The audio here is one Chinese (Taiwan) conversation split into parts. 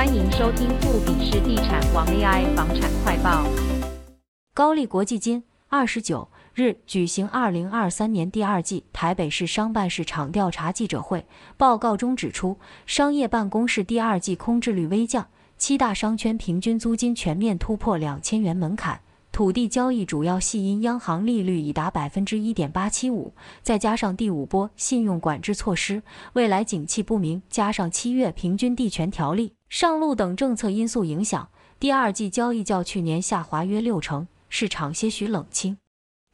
歡迎收聽富比士地產王 AI 房產快報。高力國際今二十九日舉行二零二三年第二季台北市商辦市場調查記者會，報告中指出，商業辦公室第二季空置率微降，七大商圈平均租金全面突破兩千元門檻。土地交易主要係因央行利率已達百分之一點八七五，再加上第五波信用管制措施，未來景氣不明，加上七月平均地權條例上路等政策因素影響，第二季交易較去年下滑約六成，市場些許冷清。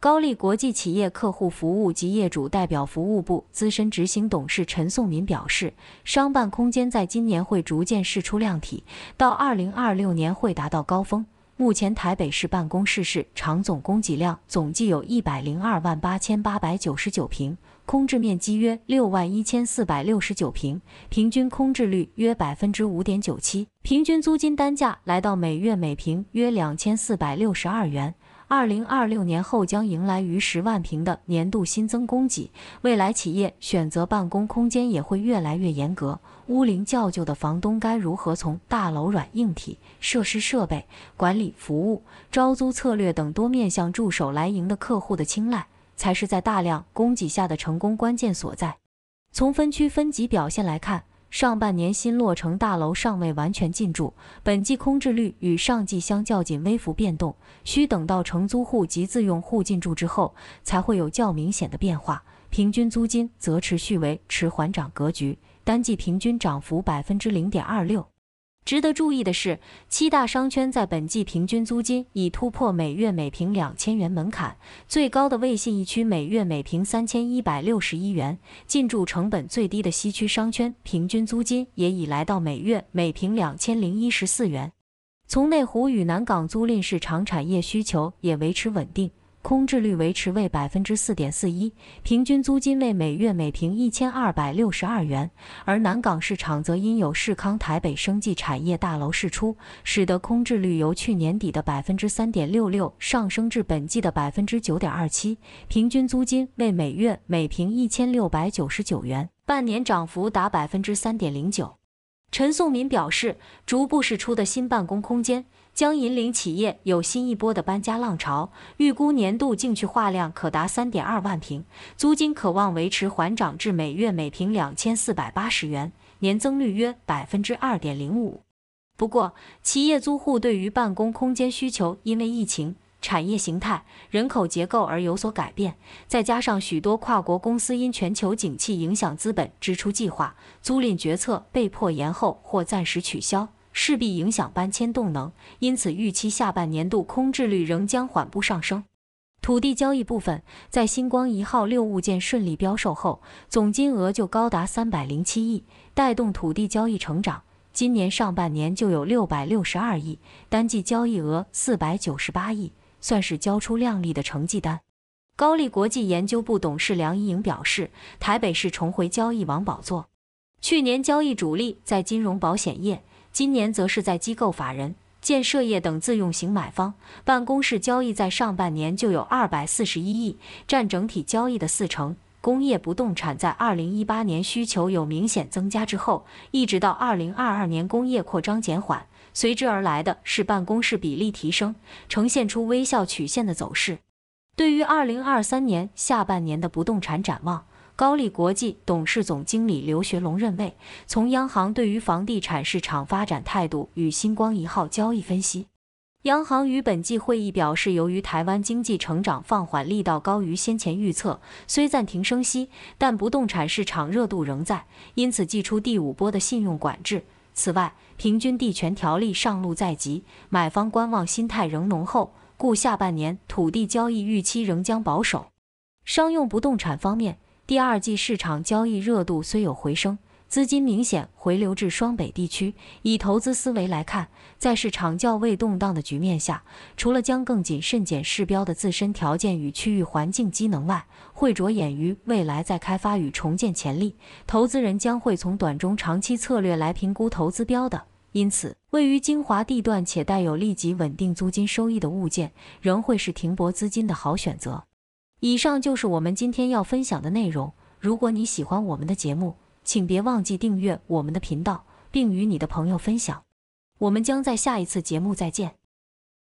高力國際企業客戶服務及業主代表服務部資深執行董事陳頌民表示，商辦空間在今年會逐漸釋出量體，到二零二六年會達到高峰。目前台北市辦公室市場總供給量總計有一百零二萬八千八百九十九平，空置面積約六萬一千四百六十九平，平均空置率約百分之五點九七，平均租金單價來到每月每平約兩千四百六十二元。二零二六年後將迎來逾十萬平的年度新增供給，未來企業選擇辦公空間也會越來越嚴格。屋齡較舊的房東該如何從大樓軟硬體設施、設備、管理服務、招租策略等多面向助手來贏得客戶的青睞，才是在大量供給下的成功關鍵所在。從分區分級表現來看。上半年新落成大樓尚未完全進駐，本季空置率與上季相較僅微幅變動，需等到承租戶及自用戶進駐之後，才會有較明顯的變化。平均租金則持續維持緩漲格局，單季平均漲幅百分之零點二六。值得注意的是，七大商圈在本季平均租金已突破每月每坪兩千元門檻，最高的為信義區每月每坪三千一百六十一元；進駐成本最低的西區商圈，平均租金也已來到每月每坪兩千零一十四元。從內湖與南港租賃市場產業需求也維持穩定。空置率維持為百分之四點四一，平均租金為每月每平一千二百六十二元。而南港市場則因有世康台北生技產業大樓釋出，使得空置率由去年底的百分之三點六六上升至本季的百分之九點二七，平均租金為每月每平一千六百九十九元，半年漲幅達百分之三點零九。陳宋民表示，逐步釋出的新辦公空間將引領企業有新一波的搬家浪潮，預估年度淨去化量可達三點二萬平，租金可望維持緩漲至每月每平兩千四百八十元，年增率約百分之二點零五。不過，企業租戶對於辦公空間需求因為疫情。產業形態、人口結構而有所改變，再加上許多跨國公司因全球景氣影響資本支出計劃、租賃決決策被迫延後或暫時取消，勢必影響搬遷動能。因此，預期下半年度空置率仍將緩步上升。土地交易部分，在新光一號六物件順利標售後，總金額就高達三百零七億，帶動土地交易成長。今年上半年就有六百六十二億，單季交易額四百九十八億。算是交出靚麗的成績單。高力國際研究部董事梁一穎表示，台北市重回交易王寶座。去年交易主力在金融保險業，今年則是在機構法人、建設業等自用型買方。辦公室交易在上半年就有二百四十一億，占整體交易的四成。工業不動產在二零一八年需求有明顯增加之後，一直到二零二二年工業擴張減緩。隨之而來的是辦公室比例提升，呈現出微笑曲線的走勢。對於二零二三年下半年的不動產展望，高力國際董事總經理劉學龍認為，從央行對於房地產市場發展態度與新光一號交易分析，央行於本季會議表示，由於台灣經濟成長放緩力道高於先前預測，雖暫停升息，但不動產市場熱度仍在，因此祭出第五波的信用管制。此外，平均地權條例上路在即，買方觀望心態仍濃厚，故下半年土地交易預期仍將保守。商用不動產方面，第二季市場交易熱度雖有回升。資金明顯回流至雙北地區。以投資思維來看，在市場較為動盪的局面下，除了將更謹慎檢視標的自身條件與區域環境機能外，會着眼於未來再開發與重建潛力。投資人將會從短、中、長期策略來評估投資標的，因此位於精華地段且帶有立即穩定租金收益的物件，仍會是停泊資金的好選擇。以上就是我們今天要分享的內容。如果你喜歡我們的節目，請別忘記訂閱我們的頻道，並與你的朋友分享。我們將在下一次節目再見。